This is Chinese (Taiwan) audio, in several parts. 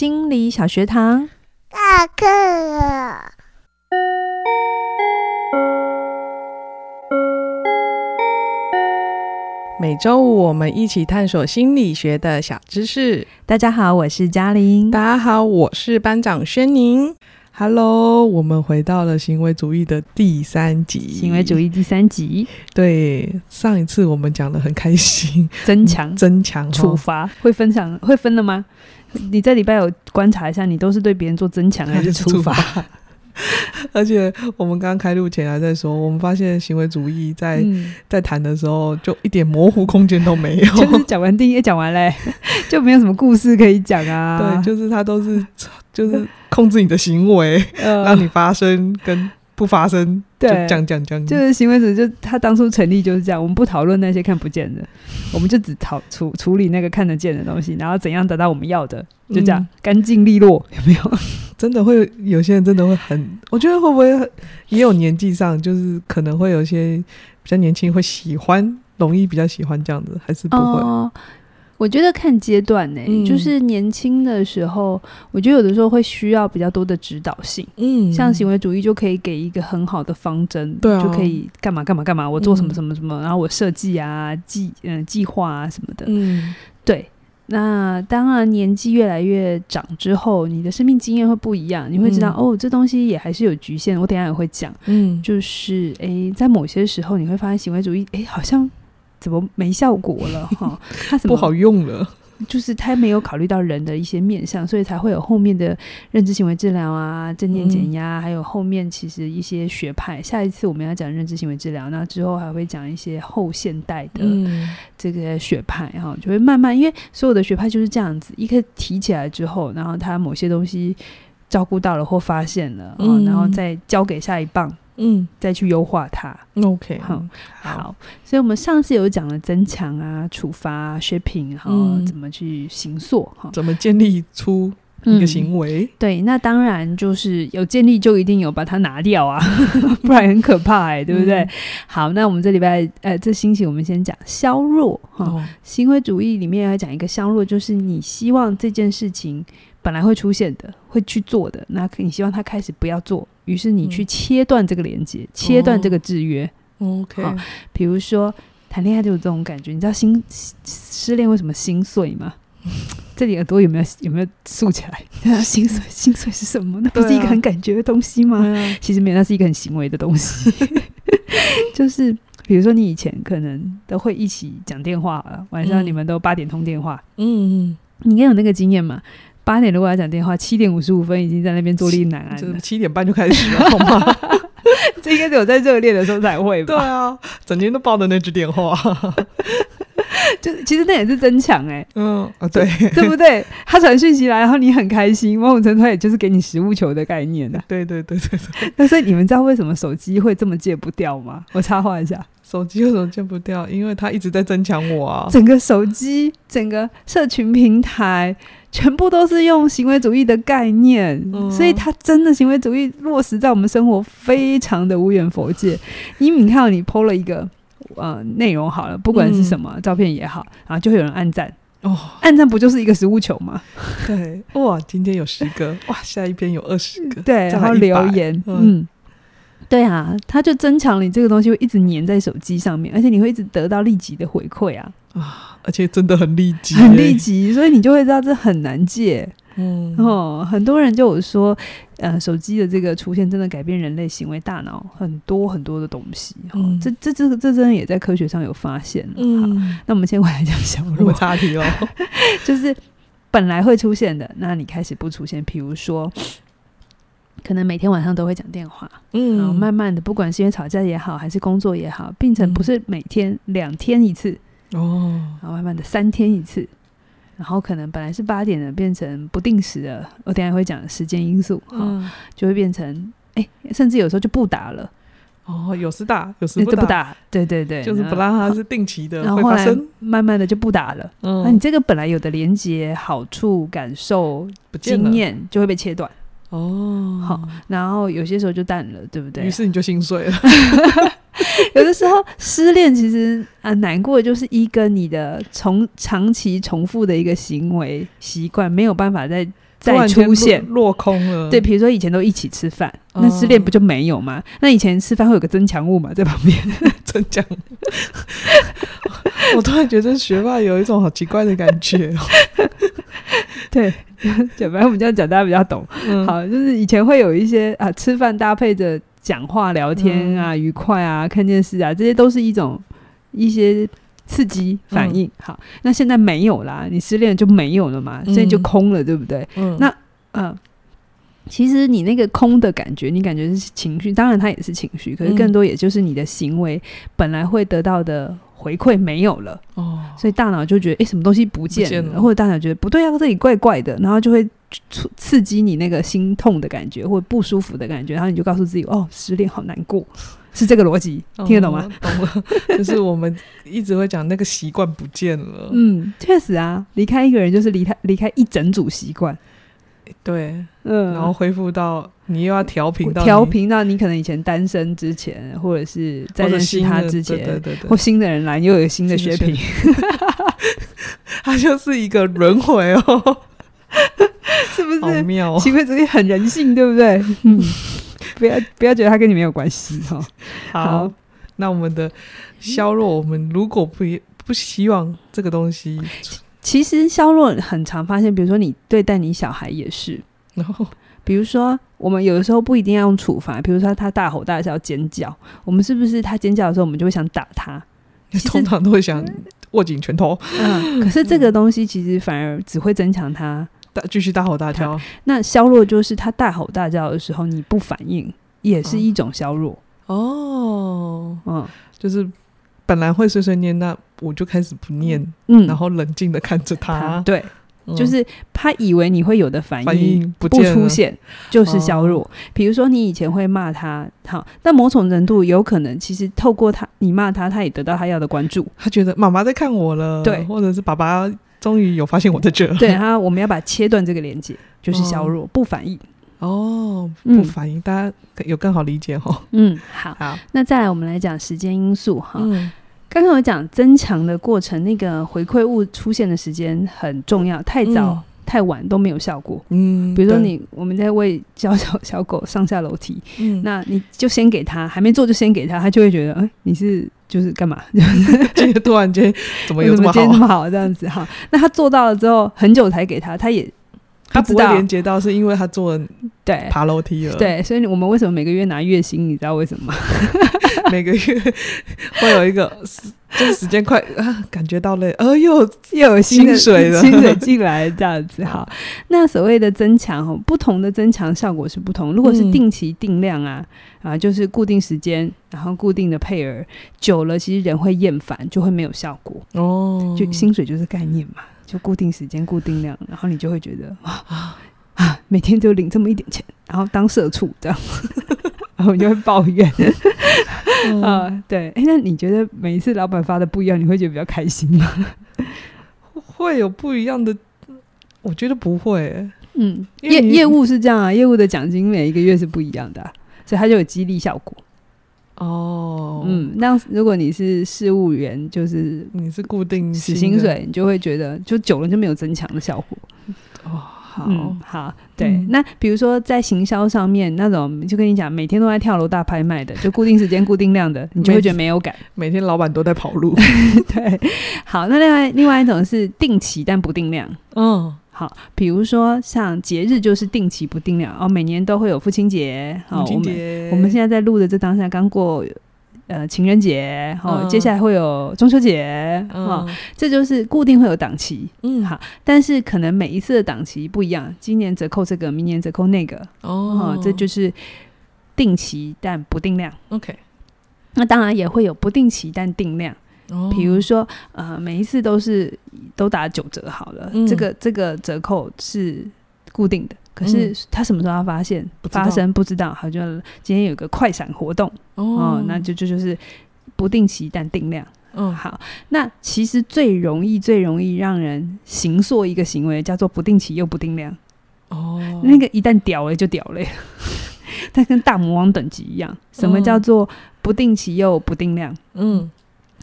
心理小學堂，上課了。每周五我們一起探索心理學的小知識。大家好，我是嘉玲。大家好，我是班長軒寧。Hello，我們回到了行為主義的第三集。行為主義第三集。對，上一次我們講得很開心。增強，增強、哦，處罰會分享會分了嗎？你這禮拜有觀察一下，你都是對別人做增強還是處罰？ 而且我們剛開錄前還在說，我們發現行為主義在、嗯、在談的時候就一點模糊空間都沒有。就是講完定義也講完嘞， 就沒有什麼故事可以講啊。對，就是他都是就是控制你的行為，呃、讓你發生跟不發生。對，講講講，就是行為主義。就他當初成立就是這樣。我們不討論那些看不見的，我們就只討處處理那個看得見的東西，然後怎樣得到我們要的，就這樣乾淨利落。有沒有？真的會有些人真的會很？我覺得會不會也有年紀上，就是可能會有些比較年輕會喜歡，容易比較喜歡這樣子，還是不會？哦我覺得看階段呢、欸，嗯、就是年輕的時候，我覺得有的時候會需要比較多的指導性，嗯，像行為主義就可以給一個很好的方針，對、啊，就可以幹嘛幹嘛幹嘛，我做什麼什麼什麼，嗯、然後我設計啊計嗯、呃、計劃啊什麼的，嗯，對。那當然年紀越來越長之後，你的生命經驗會不一樣，你會知道、嗯、哦，這東西也還是有局限。我等下也會講，嗯，就是哎、欸，在某些時候你會發現行為主義，哎、欸，好像。怎麼沒效果了哈 哦？他怎麼不好用了？就是他沒有考慮到人的一些面向，所以才會有後面的認知行為治療啊、正念減壓，嗯、還有後面其實一些學派。下一次我們要講認知行為治療，那之後還會講一些後現代的這個學派哈、嗯哦，就會慢慢，因為所有的學派就是這樣子，一個提起來之後，然後他某些東西照顧到了或發現了，然、哦、後，嗯、然後再交給下一棒。嗯，再去優化它。OK，、嗯、好，好，所以，我們上次有講了增強啊、處罰、啊、shaping，然後、嗯、怎麼去形塑哈，怎麼建立出一個行為、嗯。對，那當然就是有建立，就一定有把它拿掉啊， 不然很可怕哎、欸，嗯、對不對？好，那我們這禮拜，呃，這星期我們先講削弱哈，哦、行為主義裡面要講一個削弱，就是你希望這件事情本來會出現的，會去做的，那你希望它開始不要做。於是你去切斷這個連接，嗯、切斷這個制約。嗯、OK，啊、比如說談戀愛就有這種感覺。你知道心失戀為什麼心碎嗎？ 這裡耳朵有沒有有沒有豎起來？你知道心碎心碎是什麼？那不是一個很感覺的東西嗎？啊、其實沒有，那是一個很行為的東西。 就是比如說，你以前可能都會一起講電話了，晚上你們都八點通電話。嗯，嗯嗯你應該有那個經驗嘛。八點如果要講電話，七點五十五分已經在那邊坐立難安了。真七,七點半就開始了，好嗎？ 這應該是我在熱戀的時候才會吧？對啊，整天都抱着那只電話， 就其實那也是增強哎、欸。嗯啊，對對不對？他傳訊息來，然後你很開心。汪永成他也就是給你食物球的概念呢。對,對對對對對。但是 你們知道為什麼手機會這麼戒不掉嗎？我插話一下，手機為什麼戒不掉？因為他一直在增強我啊。整個手機，整個社群平台。全部都是用行為主義的概念，嗯、所以他真的行為主義落實在我們生活非常的無遠弗屆。你、嗯、你看，你 PO 了一個呃內容好了，不管是什麼、嗯、照片也好，然後就會有人按讚哦，按讚不就是一個食物球嗎？對，哇，今天有十個，哇，下一篇有二十個， 對，然後留言，嗯。嗯對啊，它就增強你這個東西會一直粘在手機上面，而且你會一直得到立即的回饋啊啊！而且真的很立即、欸，很立即，所以你就會知道這很難戒。嗯，哦，很多人就有說，呃，手機的這個出現真的改變人類行為、大腦很多很多的東西。哦、嗯，這這這這真的也在科學上有發現。嗯好，那我們先回來講一下如果 差題哦， 就是本來會出現的，那你開始不出現，譬如說。可能每天晚上都會講電話，嗯，然後慢慢的，不管是因為吵架也好，還是工作也好，變成不是每天、嗯、兩天一次，哦，然後慢慢的三天一次，然後可能本來是八點的，變成不定時的。我等下會講時間因素，嗯哦、就會變成哎、欸，甚至有時候就不打了。哦，有時打，有時不打，都不打，對對對，就是不讓他是定期的會發生，哦、然後後來慢慢的就不打了。嗯，那你這個本來有的連接、好處、感受、經驗，就會被切斷。哦，好，然後有些時候就淡了，對不對、啊？於是你就心碎了。 有的時候失戀其實啊，難過的就是一跟你的重長期重複的一個行為習慣沒有辦法再再出現落空了。對，比如說以前都一起吃飯，那失戀不就沒有嗎？哦、那以前吃飯會有個增強物嘛，在旁邊 增強物。 我突然覺得學霸有一種好奇怪的感覺。 對，簡單我們這樣講，大家比較懂。嗯、好，就是以前會有一些啊，吃飯搭配着講話、聊天啊，嗯、愉快啊，看電視啊，這些都是一種一些刺激反應。嗯、好，那現在沒有啦，你失戀就沒有了嘛，所以就空了，嗯、對不對？那嗯。那呃其實你那個空的感覺，你感覺是情緒，當然它也是情緒，可是更多也就是你的行為本來會得到的回饋沒有了哦，嗯、所以大腦就覺得哎、欸，什麼東西不見了，見了或者大腦覺得不對啊，這裡怪怪的，然後就會刺激你那個心痛的感覺或者不舒服的感覺，然後你就告訴自己哦，失戀好難過，是這個邏輯，聽得懂嗎、嗯？懂了，就是我們一直會講那個習慣不見了， 嗯，確實啊，離開一個人就是離開離開一整組習慣。對，嗯，然後恢復到你又要調頻，調頻到你可能以前單身之前，或者是在認識他之前，哦，對對對，或，哦，新的人來又有新的血品，血品 他就是一個輪迴哦， 啊，是不是？好妙、奇怪，啊，行為主義很人性，對不對？嗯， 不要不要覺得他跟你沒有關係哈，哦。好，好那我們的削弱，嗯、我們如果不不希望這個東西。其實，消弱很常發現，比如說你對待你小孩也是。然後，比如說，我們有的時候不一定要用處罰，比如說他大吼大叫、尖叫，我們是不是他尖叫的時候，我們就會想打他？通常都會想握緊拳頭。嗯，可是這個東西其實反而只會增強他，大、嗯、繼續大吼大叫。那消弱就是他大吼大叫的時候，你不反應也是一種消弱哦。Oh. Oh. 嗯，就是。本來會碎碎念，那我就開始不念，嗯，然後冷靜的看着他，對，就是他以為你會有的反應，反應不出現就是削弱。比如說你以前會罵他，好，但某種程度有可能，其實透過他，你罵他，他也得到他要的關注，他覺得媽媽在看我了，對，或者是爸爸終於有發現我在這，對他，我們要把切斷這個連接，就是削弱，不反應，哦，不反應，大家有更好理解哈，嗯，好，好，那再來我們來講時間因素哈。剛剛我講增強的過程，那個回饋物出現的時間很重要，太早、嗯、太晚都沒有效果。嗯，比如說你對我們在餵教小、小小狗上下樓梯，嗯，那你就先給他還沒做就先給他，他就會覺得、哎、你是就是幹嘛？就是突然間怎麼，有這麼 怎麼，這麼好 這樣子哈？那他做到了之後很久才給他，他也他不知道。連接到是因為他做了對，爬樓梯了對、對，所以我們為什麼每個月拿月薪？你知道為什麼嗎？ 每個月會有一個，這個時間快啊，感覺到了，哎、啊、呦，又有、又有薪水了，薪水進來這樣子哈。那所謂的增強，不同的增強效果是不同。如果是定期定量啊、嗯、啊，就是固定時間，然後固定的配額，久了其實人會厭煩，就會沒有效果哦。就薪水就是概念嘛，就固定時間、固定量，然後你就會覺得啊啊，每天就領這麼一點錢，然後當社畜這樣。 我們就會抱怨，嗯，啊、 哦，對，哎、欸，那你覺得每一次老闆發的不一樣，你會覺得比較開心嗎？ 會有不一樣的，我覺得不會，嗯，業業務是這樣啊，業務的獎金每一個月是不一樣的，啊，所以它就有激勵效果。哦，嗯，那如果你是事務員，就是你是固定死薪水，你就會覺得就久了就沒有增強的效果，哦。好、嗯、好對，嗯、那比如說在行銷上面那種，就跟你講，每天都在跳樓大拍賣的，就固定時間、固定量的， 你就會覺得沒有感。每天老板都在跑路。 對，好，那另外另外一種是定期但不定量。嗯，好，比如說像節日就是定期不定量，哦，每年都會有父親節。好、哦，我們我們現在在錄的這當下剛過。呃，情人節哦，嗯、接下來會有中秋節哦，嗯、這就是固定會有檔期，嗯，好，但是可能每一次的檔期不一樣，今年折扣這個，明年折扣那個，哦，哦，這就是定期但不定量，OK。那當然也會有不定期但定量，哦、比如說呃，每一次都是都打九折好了，嗯、這個這個折扣是固定的。可是他什麼時候要發現、嗯、不發生不知道，好，就今天有個快閃活動哦，哦，那就就就是不定期但定量。嗯，好，那其實最容易最容易讓人形塑一個行為叫做不定期又不定量哦，那個一旦掉了就掉了，它 跟大魔王等級一樣。什麼叫做不定期又不定量？嗯，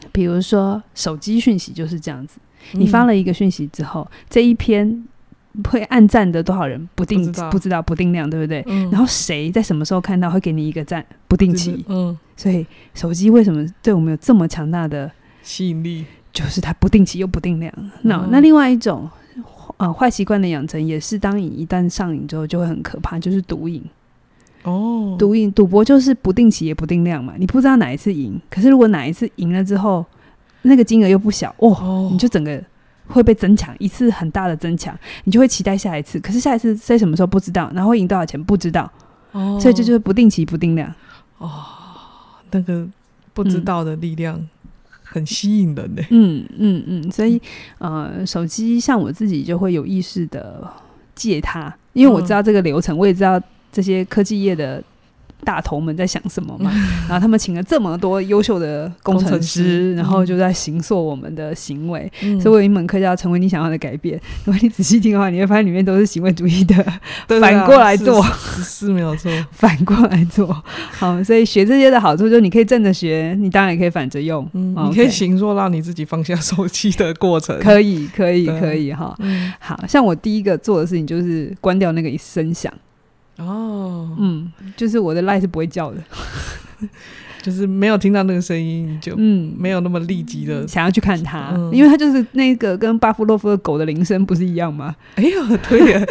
嗯，比如說手機訊息就是這樣子，嗯、你發了一個訊息之後，這一篇。會按讚的多少人不定，不知道不定量，對不對？嗯、然後誰在什麼時候看到會給你一個讚，不定期。就是嗯、所以手機為什麼對我們有這麼強大的吸引力？就是它不定期又不定量。嗯、那那另外一種、呃、壞習慣的養成也是，當你一旦上癮之後就會很可怕，就是賭癮。哦，賭癮賭博就是不定期也不定量嘛，你不知道哪一次贏，可是如果哪一次贏了之後，那個金額又不小哦，哦你就整個。會被增強一次很大的增強，你就會期待下一次。可是下一次在什麼時候不知道，然後贏多少錢不知道，哦，所以這就，就是不定期不定量。哦，那個不知道的力量很吸引人的，欸、嗯嗯嗯，嗯，所以呃，手機像我自己就會有意識的戒它，因為我知道這個流程，嗯、我也知道這些科技業的。大頭們在想什麼嘛？然後他們請了這麼多優秀的工程師，然後就在形塑我們的行為。所以有一門課叫“成為你想要的改變”。如果你仔細聽的話，你會發現裡面都是行為主義的，反過來做是沒有錯，反過來做好。所以學這些的好處就是你可以正着學，你當然也可以反着用。你可以形塑讓你自己放下手機的過程，可以，可以，可以哈。好像我第一個做的事情就是關掉那個一聲響。哦，嗯，就是我的賴是不會叫的，就是沒有聽到那個聲音就嗯，沒有那麼立即的、嗯嗯、想要去看它，嗯、因為它就是那個跟巴夫洛夫的狗的鈴聲不是一樣嗎？哎呦，對呀，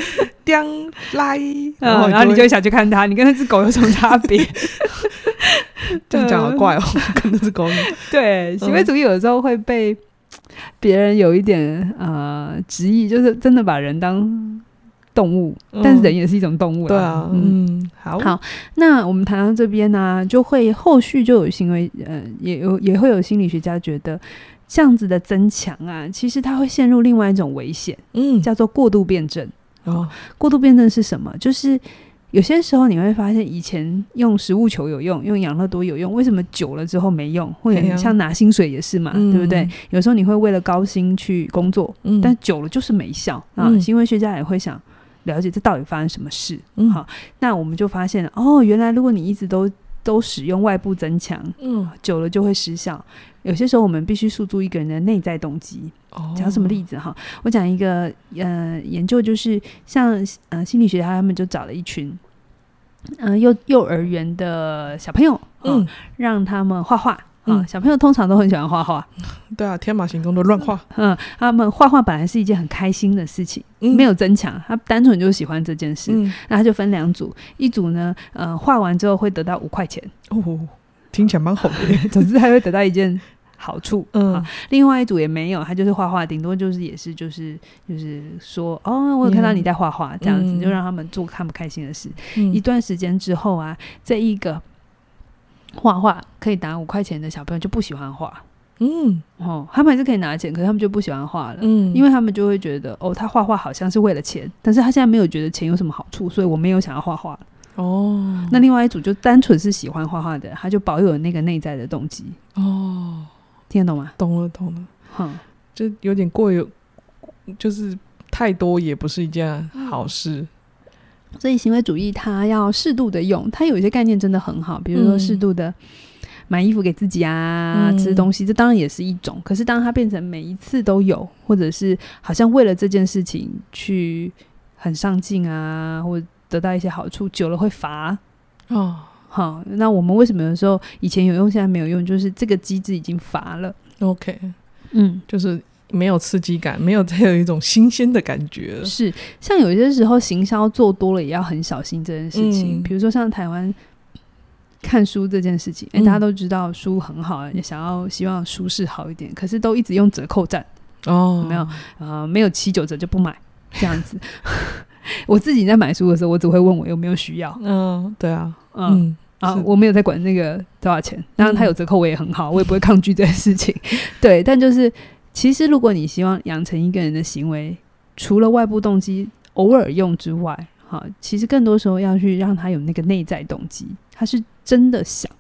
叮賴，然後你就想去看它，你跟那只狗有什麼差別？就、嗯、 這樣講好怪哦、喔，嗯、跟那隻狗對行為、嗯、主義有的時候會被別人有一點呃，質疑，就是真的把人當。動物，但是人也是一種動物、嗯。對啊，嗯，好，好。那我們談到這邊呢、啊，就會後續就有行為，呃，也有也會有心理學家覺得這樣子的增強啊，其實它會陷入另外一種危險，嗯，叫做過度辯證。哦，過度辯證是什麼？就是有些時候你會發現，以前用食物球有用，用養樂多有用，為什麼久了之後沒用？或者像拿薪水也是嘛，啊、對不對？有時候你會為了高薪去工作，嗯，但久了就是沒效、嗯、啊。行為學家也會想。了解這到底發生什麼事？嗯，好、哦，那我們就發現了哦，原來如果你一直都都使用外部增強，嗯，久了就會失效。有些時候我們必須訴諸一個人的內在動機。講、哦、什麼例子哈、哦？我講一個呃研究，就是像呃心理學家他們就找了一群嗯、呃、幼幼兒園的小朋友，哦、嗯，讓他們畫畫。啊、哦，小朋友通常都很喜歡畫畫、嗯。對啊，天馬行空的亂畫。嗯，他們畫畫本來是一件很開心的事情，嗯、沒有增強，他單純就是喜歡這件事。嗯、那他就分兩組，一組呢，呃，畫完之後會得到五塊錢。哦，聽起來蠻好的、啊，總之還會得到一件好處。嗯、哦，另外一組也沒有，他就是畫畫，頂多就是也是就是就是說，哦，我有看到你在畫畫、嗯、這樣子，就讓他們做他們開心的事。嗯、一段時間之後啊，這一個。畫畫可以拿五塊錢的小朋友就不喜歡畫，嗯，哦，他們還是可以拿錢，可是他們就不喜歡畫了，嗯，因為他們就會覺得，哦，他畫畫好像是為了錢，但是他現在沒有覺得錢有什麼好處，所以我沒有想要畫畫哦，那另外一組就單純是喜歡畫畫的，他就保有那個內在的動機。哦，聽得懂嗎？懂了，懂了，懂了、嗯。好，就有點過於，就是太多也不是一件好事。哦所以行為主義它要適度的用，它有一些概念，真的很好，比如說適度的買衣服給自己啊，嗯、吃東西，這當然也是一種。可是當它變成每一次都有，或者是好像為了這件事情去很上進啊，或者得到一些好處，久了會乏哦。好，那我們為什麼有時候以前有用，現在沒有用？就是這個機制已經乏了。OK，嗯，就是。沒有刺激感，沒有再有一種新鮮的感覺。是，像有些時候行銷做多了，也要很小心這件事情。嗯、比如說像台灣看書這件事情，嗯、誒，大家都知道書很好，也想要希望書市好一點，可是都一直用折扣戰哦，有沒有啊、呃，沒有七九折就不買這樣子。 我自己在買書的時候，我只會問我有沒有需要。嗯、哦，對啊，嗯啊，我沒有在管那個多少錢，當然他有折扣我也很好，我也不會抗拒這件事情。嗯、 對，但就是。其實，如果你希望養成一個人的行為，除了外部動機偶爾用之外，哈，其實更多時候要去讓他有那個內在動機，他是真的想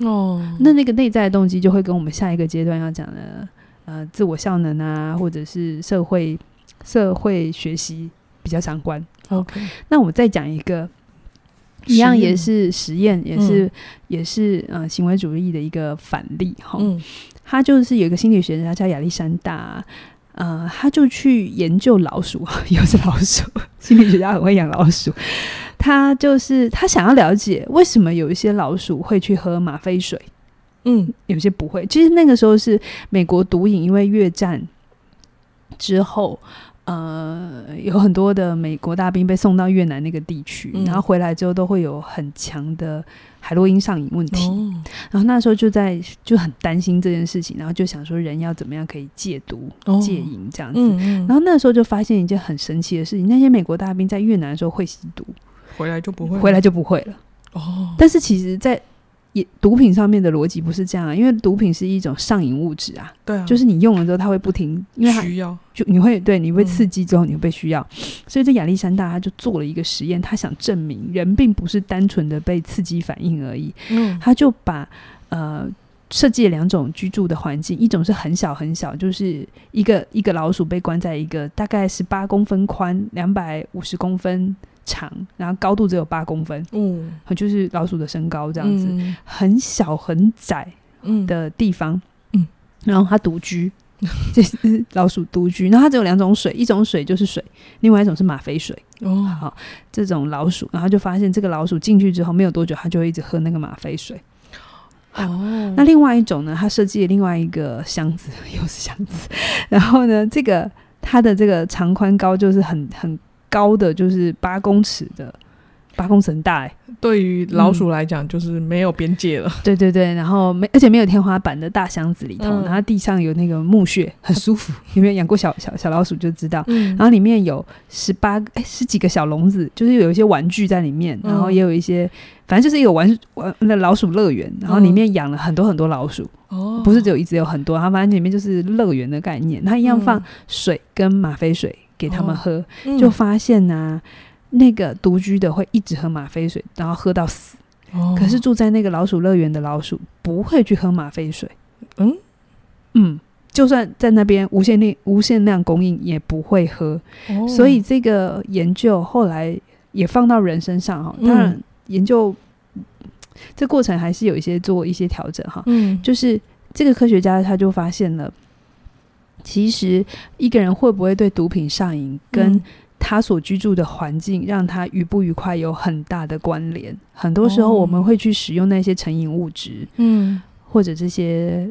哦。嗯、那那個內在動機就會跟我們下一個階段要講的呃自我效能啊，或者是社會社會學習比較相關。OK，嗯、那我們再講一個，一樣也是實驗，也是、嗯、也是呃行為主義的一個反例哈。他就是有一個心理學家叫亞歷山大，呃，他就去研究老鼠， 又是老鼠。 心理學家很會養老鼠。他就是他想要了解為什麼有一些老鼠會去喝嗎啡水，嗯，有些不會。其實那個時候是美國毒癮，因為越戰之後。呃，有很多的美國大兵被送到越南那個地區，嗯、然後回來之後都會有很強的海洛因上癮問題。哦、然後那時候就在就很擔心這件事情，然後就想說人要怎麼樣可以戒毒、哦、戒癮這樣子。嗯嗯，然後那時候就發現一件很神奇的事情：那些美國大兵在越南的時候會吸毒，回來就不會，回來就不會了。會了哦，但是其實，在毒品上面的邏輯不是這樣啊，因為毒品是一種上癮物質啊，對啊，就是你用了之後，它會不停，因為它需要，就你會對你會刺激之後，你會被需要，嗯，所以這亞歷山大他就做了一個實驗，他想證明人並不是單純的被刺激反應而已，嗯，他就把呃設計了兩種居住的環境，一種是很小很小，就是一個一個老鼠被關在一個大概十八公分寬，兩百五十公分。長，然後高度只有八公分，嗯，就是老鼠的身高這樣子，嗯、很小很窄的地方，嗯，然後它獨居，這、嗯、是老鼠獨居，然後它只有兩種水，一種水就是水，另外一種是嗎啡水，哦，好，這種老鼠，然後就發現這個老鼠進去之後，沒有多久，它就會一直喝那個嗎啡水，哦，那另外一種呢，他設計了另外一個箱子，又是箱子，然後呢，這個它的這個長寬高就是很很。高的就是八公尺的八公尺大，欸。對於老鼠來講就是沒有邊界了。嗯、對對對，然後沒而且沒有天花板的大箱子裡頭，嗯、然後地上有那個木屑，很舒服。 有沒有養過小小小老鼠就知道？嗯、然後裡面有十八個、欸、十幾個小籠子，就是有一些玩具在裡面，然後也有一些，嗯、反正就是一個玩玩那老鼠樂園。然後裡面養了很多很多老鼠，哦、嗯，不是只有一隻，有很多。它反正裡面就是樂園的概念，它一樣放水跟嗎啡水。給他們喝，哦嗯、就發現呢、啊，那個獨居的會一直喝嗎啡水，然後喝到死。哦、可是住在那個老鼠樂園的老鼠不會去喝嗎啡水。嗯嗯，就算在那邊無限量、無限量供應，也不會喝。哦、所以這個研究後來也放到人身上哈。當然，研究、嗯、這過程還是有一些做一些調整哈。就是這個科學家他就發現了。其實一個人會不會對毒品上癮，跟他所居住的環境讓他愉不愉快有很大的關聯。嗯、很多時候，我們會去使用那些成癮物質，嗯，或者這些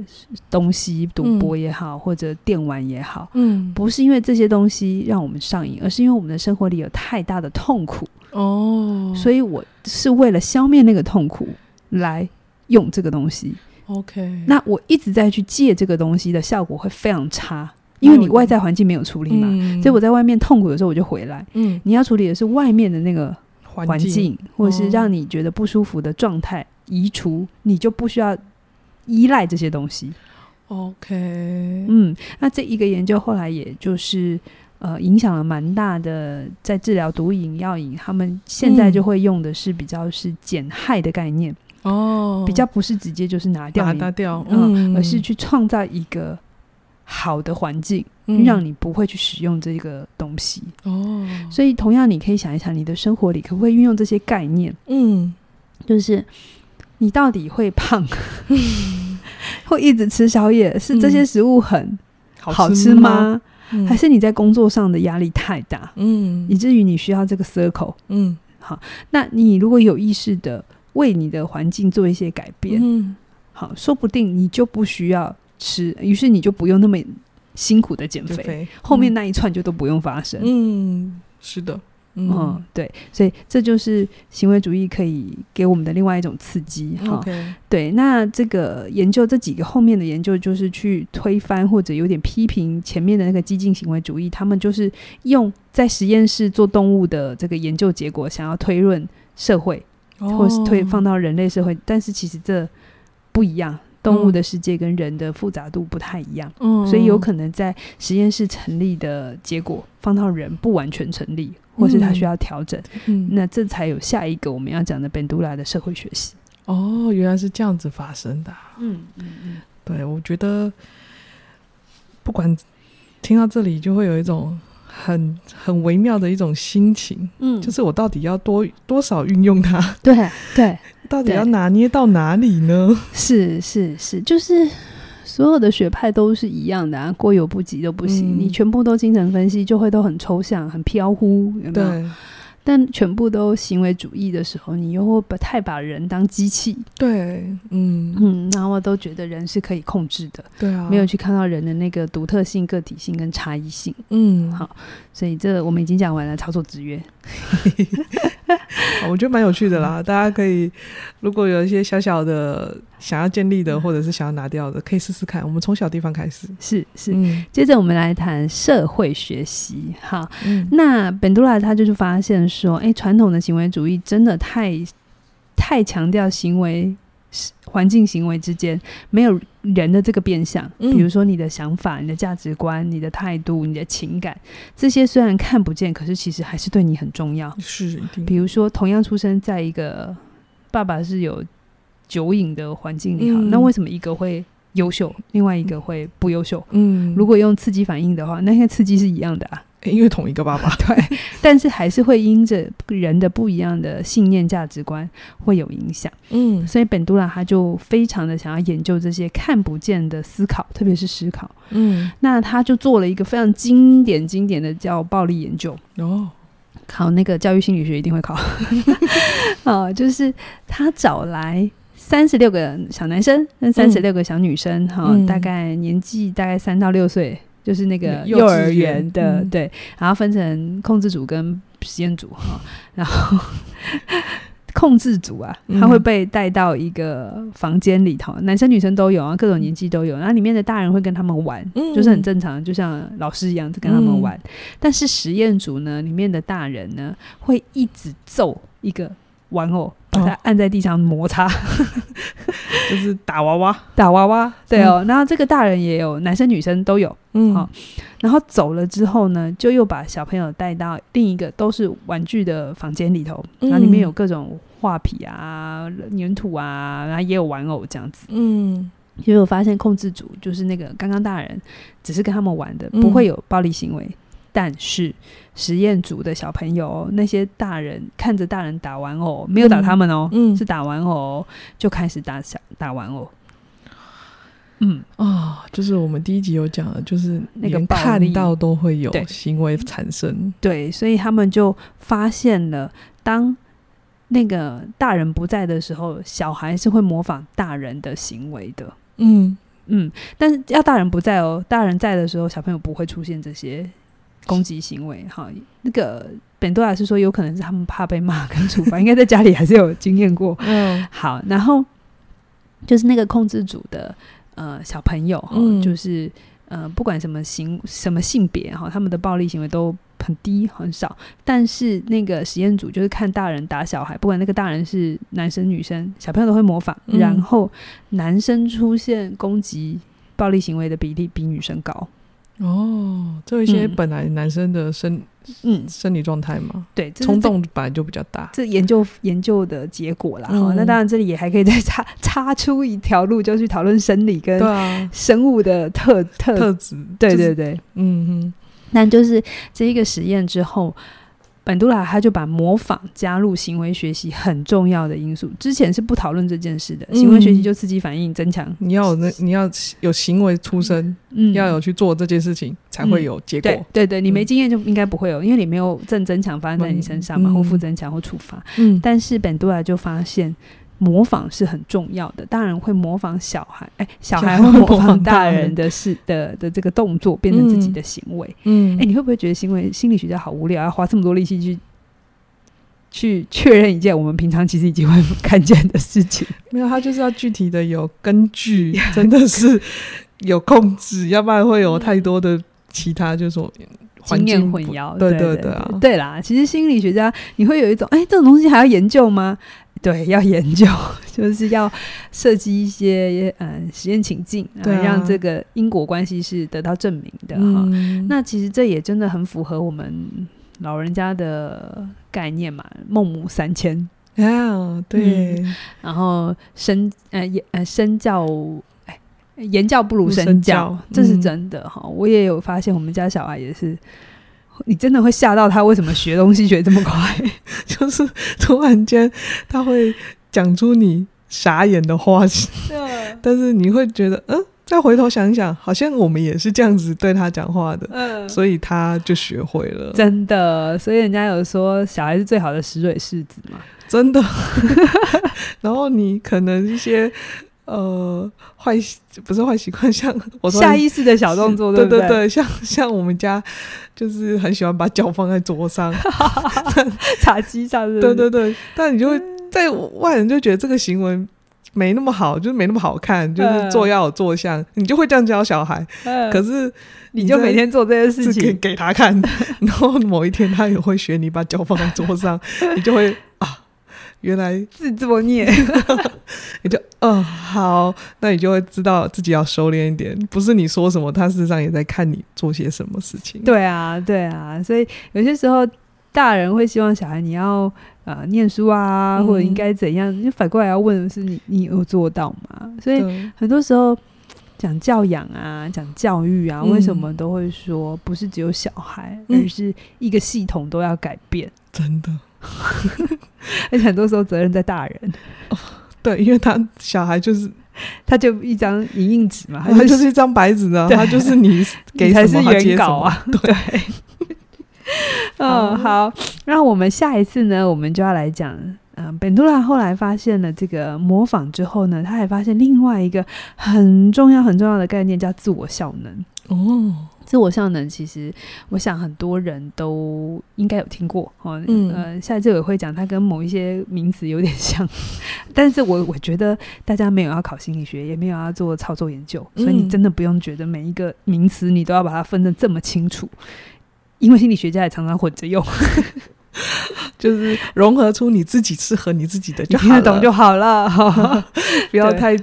東西，賭博也好，嗯、或者電玩也好，嗯，不是因為這些東西讓我們上癮，而是因為我們的生活裡有太大的痛苦哦。所以我是為了消滅那個痛苦來用這個東西。OK，那我一直在去戒這個東西的效果會非常差，因為你外在環境沒有處理嘛，嗯、所以我在外面痛苦的時候我就回來。嗯，你要處理的是外面的那個環境，環境嗯、或者是讓你覺得不舒服的狀態，移除、嗯、你就不需要依賴這些東西。OK，嗯，那這一個研究後來也就是呃影響了蠻大的，在治療毒癮、藥癮，他們現在就會用的是比較是減害的概念。嗯哦，比較不是直接就是拿掉，拿掉，嗯，而是去創造一個好的環境，讓你不會去使用這個東西。哦，所以同樣，你可以想一想，你的生活裡可不可以運用這些概念？嗯，就是你到底會胖，會一直吃宵夜，是這些食物很好吃嗎？還是你在工作上的壓力太大？嗯，以至於你需要這個 circle？嗯，好，那你如果有意識的。為你的環境做一些改變，嗯、哼好，說不定你就不需要吃，於是你就不用那麼辛苦的減肥，肥嗯、後面那一串就都不用發生。嗯，是的，嗯、哦，對，所以這就是行為主義可以給我們的另外一種刺激。哈，對，那這個研究這幾個後面的研究，就是去推翻或者有點批評前面的那個激進行為主義，他們就是用在實驗室做動物的這個研究結果，想要推論社會。或是推放到人類社會，哦、但是其實這不一樣，動物的世界跟人的複雜度不太一樣，嗯、所以有可能在實驗室成立的結果放到人不完全成立，或是他需要調整，嗯、那這才有下一個我們要講的本杜拉的社會學習。哦，原來是這樣子發生的啊。嗯嗯嗯，對，我覺得不管聽到這裡，就會有一種。很很微妙的一種心情，嗯，就是我到底要多多少運用它？對對，對到底要拿捏到哪裡呢？是是是，就是所有的學派都是一樣的啊，過猶不及都不行。嗯，你全部都精神分析，就會都很抽象、很飄忽，有沒有？對。但全部都行為主義的時候，你又會不太把人當機器。對，嗯嗯，然後都覺得人是可以控制的。對啊，沒有去看到人的那個獨特性、個體性跟差異性。嗯，好，所以這我們已經講完了、嗯、操作制約。 我覺得蠻有趣的啦， 大家可以。如果有一些小小的想要建立的，或者是想要拿掉的，嗯、可以試試看，我們從小地方開始，是是。是嗯、接着我們來談社會學習，哈。嗯、那本杜拉他就是發現說，誒、欸，傳統的行為主義真的太太強調行為環境行為之間沒有人的這個變項。嗯、比如說你的想法、你的價值觀、你的態度、你的情感，這些雖然看不見，可是其實還是對你很重要。是，比如說同樣出生在一個。爸爸是有酒癮的環境裡，好，嗯、那為什麼一個會優秀，另外一個會不優秀？嗯，如果用刺激反應的話，那些刺激是一樣的啊，因為同一個爸爸。 對，但是還是會因着人的不一樣的信念價值觀會有影響。嗯，所以本杜拉他就非常的想要研究這些看不見的思考，特別是思考。嗯，那他就做了一個非常經典經典的叫暴力研究。哦。考那個教育心理學一定會考 哦，哦就是他找來三十六個小男生跟三十六個小女生，哈、嗯哦，大概年紀大概三到六歲，就是那個幼兒園的，的嗯、對，然後分成控制組跟實驗組，哈、哦，然後。 控制組啊，他會被帶到一個房間裡頭，嗯、男生女生都有啊，各種年紀都有、啊。然後裡面的大人會跟他們玩，嗯、就是很正常，就像老師一樣子跟他們玩。嗯、但是實驗組呢，裡面的大人呢，會一直揍一個。玩偶，把它按在地上摩擦，哦、 就是打娃娃，打娃娃。對哦，嗯、然後這個大人也有，男生女生都有。嗯，好、哦，然後走了之後呢，就又把小朋友帶到另一個都是玩具的房間裡頭，嗯、然後裡面有各種畫皮啊、粘土啊，然後也有玩偶這樣子。嗯，因為我發現控制組就是那個剛剛大人只是跟他們玩的，嗯、不會有暴力行為，但是。實驗組的小朋友，那些大人看着大人打玩偶，嗯、沒有打他們哦，嗯、是打玩偶、哦、就開始打小打玩偶。嗯啊、哦，就是我們第一集有講的，就是那個看到都會有行為產生對對。對，所以他們就發現了，當那個大人不在的時候，小孩是會模仿大人的行為的。嗯嗯，嗯，但是要大人不在哦，大人在的時候，小朋友不會出現這些。攻擊行為哈，那個 Bandura 是說，有可能是他們怕被罵跟處罰， 應該在家裡還是有經驗過。嗯，好，然後就是那個控制組的呃小朋友哈，呃嗯、就是呃不管什麼性什麼性別哈，他們的暴力行為都很低很少。但是那個實驗組就是看大人打小孩，不管那個大人是男生女生，小朋友都會模仿。然後男生出現攻擊暴力行為的比例比女生高。哦，這一些本來男生的生嗯，生理狀態嘛，嗯、對，這這衝動本來就比較大。這研究、嗯、研究的結果啦，嗯、那當然這裡也還可以再插插出一條路，就去討論生理跟生物的特、嗯、特質。對對對，對，嗯哼，那就是這一個實驗之後。本杜拉他就把模仿加入行為學習很重要的因素，之前是不討論這件事的。行為學習就刺激反應、嗯、增強，你要有那你要有行為出身，嗯嗯、要有去做這件事情才會有結果。嗯、對，對，對對，你沒經驗就應該不會有，嗯、因為你沒有正增強發生在你身上嘛，或負增強或處罰。嗯，嗯但是本杜拉就發現。模仿是很重要的，大人會模仿小孩，哎、欸，小孩會模仿大人的事的的這個動作，變成自己的行為。嗯，哎、嗯欸，你會不會覺得行為心理學家好無聊，要花這麼多力氣去去確認一件我們平常其實已經會看見的事情？沒有，他就是要具體的有根據，真的是有控制，要不然會有太多的其他就，就是說經驗混淆。對對對，對啊，對啦，其實心理學家你會有一種哎、欸，這種東西還要研究嗎？對，要研究，就是要設計一些嗯實驗情境，嗯、對、啊，讓這個因果關係是得到證明的哈、嗯。那其實這也真的很符合我們老人家的概念嘛，《孟母三遷》啊、哦，對、嗯，然後身呃呃身教、哎，言教不如身教，是身教這是真的哈。嗯、我也有發現，我們家小孩也是。你真的會嚇到他？為什麼學東西學這麼快？ 就是突然間他會講出你傻眼的話，對 但是你會覺得，嗯，再回頭想一想，好像我們也是這樣子對他講話的，嗯，所以他就學會了。真的，所以人家有說，小孩是最好的石蕊試紙嘛，真的。 然後你可能一些。呃，壞習不是壞習慣，像我說，下意識的小動作，對對對，像像我們家就是很喜歡把腳放在桌上、茶幾上，對對對。但你就會在外人就覺得這個行為沒那麼好，就是沒那麼好看，就是坐要有坐相，你就會這樣教小孩。可是你就每天做這些事情給他看，然後某一天他也會學你把腳放在桌上，你就會。原來是這麼念 你就嗯、哦、好，那你就會知道自己要收斂一點。不是你說什麼，他事實上也在看你做些什麼事情。對啊，對啊，所以有些時候大人會希望小孩你要呃念書啊，嗯、或者應該怎樣？你反過來要問的是你你有做到嗎？所以很多時候講教養啊，講教育啊，嗯、為什麼都會說不是只有小孩，嗯、而是一個系統都要改變？真的。 而且很多時候責任在大人，哦、對，因為他小孩就是，他就一張影印紙嘛，他就是，他就是一張白紙呢、啊，對他就是你給你才是原稿啊，對。 嗯，好，那、 嗯、我們下一次呢，我們就要來講，嗯、呃，本杜拉後來發現了這個模仿之後呢，他還發現另外一個很重要很重要的概念，叫自我效能，哦。自我效能其實，我想很多人都應該有聽過哦。嗯、呃，下一次我會講它跟某一些名詞有點像，但是我我覺得大家沒有要考心理學，也沒有要做操作研究，所以你真的不用覺得每一個名詞你都要把它分得這麼清楚，因為心理學家也常常混着用， 就是 融合出你自己適合你自己的就好，聽得懂就好了，嗯、 不要太。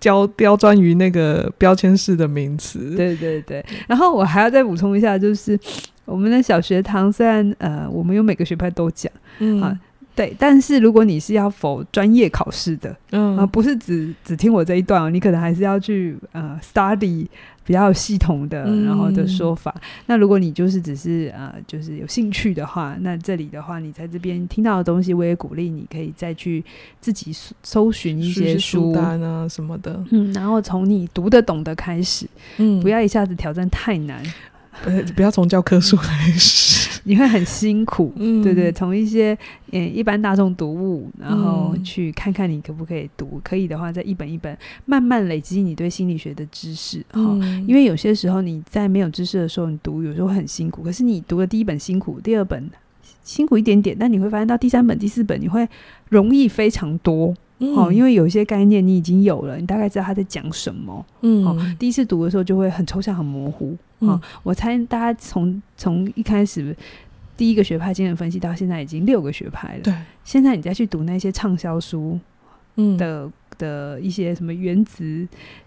刁，刁鑽於那個標籤式的名詞，對對對。然後我還要再補充一下，就是我們的小學堂雖然呃，我們有每個學派都講，嗯。啊對，但是如果你是要考專業考試的，嗯、啊，不是只只聽我這一段哦，你可能還是要去呃 study 比較系統的，嗯、然後的說法。那如果你就是只是呃就是有興趣的話，那這裡的話，你在這邊聽到的東西，我也鼓勵你可以再去自己搜搜尋一些書是是單啊什麼的，嗯，然後從你讀得懂的開始，嗯，不要一下子挑戰太難，呃、不要從教科書開始。嗯 你會很辛苦，嗯、對對，從一些嗯一般大眾讀物，然後去看看你可不可以讀，嗯、可以的話再一本一本慢慢累積你對心理學的知識哈。嗯、因為有些時候你在沒有知識的時候，你讀有時候很辛苦，可是你讀的第一本辛苦，第二本辛苦一點點，但你會發現到第三本、第四本你會容易非常多哦，嗯、因為有一些概念你已經有了，你大概知道他在講什麼。嗯，第一次讀的時候就會很抽象、很模糊。嗯嗯、我猜大家從從一開始第一個學派精神分析到現在已經六個學派了。對，現在你再去讀那些暢銷書，嗯的的一些什麼原子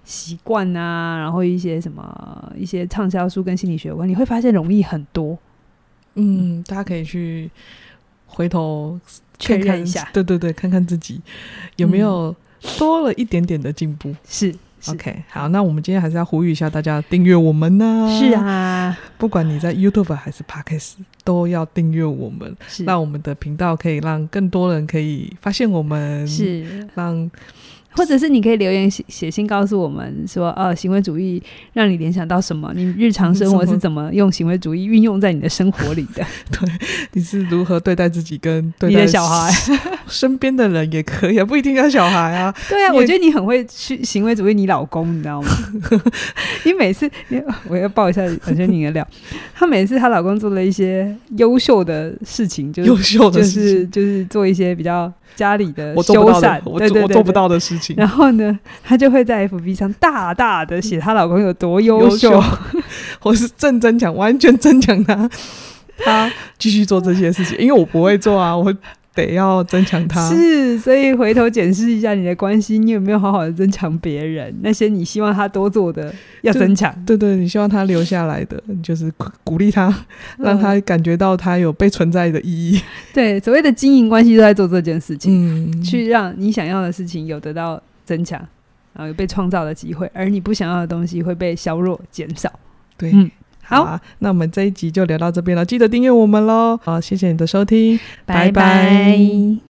習慣啊，然後一些什麼一些暢銷書跟心理學有關，你會發現容易很多。嗯，嗯大家可以去回頭確認一下，對對對，看看自己有沒有多了一點點的進步。嗯、 是。OK，是好，那我們今天還是要呼籲一下大家訂閱我們呢、啊。是啊，不管你在 YouTube 還是 Podcast，都要訂閱我們，是讓我們的頻道可以讓更多人可以發現我們。是讓，或者是你可以留言寫寫信告訴我們說，哦、呃，行為主義讓你聯想到什麼？你日常生活是怎麼用行為主義運用在你的生活裡的？ 對，你是如何對待自己跟對待你的小孩？ 身邊的人也可以啊，不一定要小孩啊。對啊，你也 我覺得你很會去行為主義你，你老公你知道嗎？因為 每次，你我要爆一下陳先你的料。 他每次他老公做了一些優秀的事情，就是優秀的事就是就是做一些比較家裡的我做不到，對對對對對做不到的事情。然後呢，他就會在 FB 上大大的寫他老公有多優秀，或優秀 是正增強，完全正增強他， 他繼續做這些事情。因為我不會做啊，我。得要增強他，是，所以回頭檢視一下你的關係，你有沒有好好的增強別人那些你希望他多做的，要增強，對對，你希望他留下來的， 就是鼓勵他，讓他感覺到他有被存在的意義。嗯、對，所謂的經營關係都在做這件事情，嗯、去讓你想要的事情有得到增強，然後有被創造的機會，而你不想要的東西會被削弱減少。對。嗯好，好啊，那我們這一集就聊到這邊了，記得訂閱我們嘍。好，謝謝你的收聽，拜拜。拜拜。